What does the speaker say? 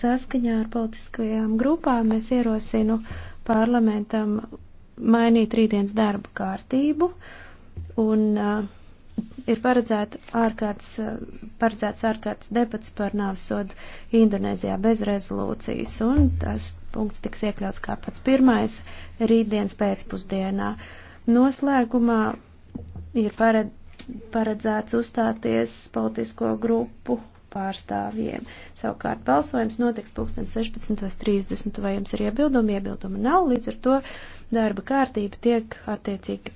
saskaņā ar politiskajām grupām es ierosinu parlamentam mainīt rītdienas darbu kārtību un uh, ir paredzēta ārkārtas, uh, paredzēts ārkārtas debats par nāvsodu Indonēzijā bez rezolūcijas un tas punkts tiks iekļauts kā pats pirmais rītdienas pēcpusdienā. Noslēgumā ir pared, paredzēts uzstāties politisko grupu pārstāvjiem. Savukārt balsojums notiks 16.30. Vai jums ir iebildumi? Iebildumi nav, līdz ar to darba kārtība tiek attiecīgi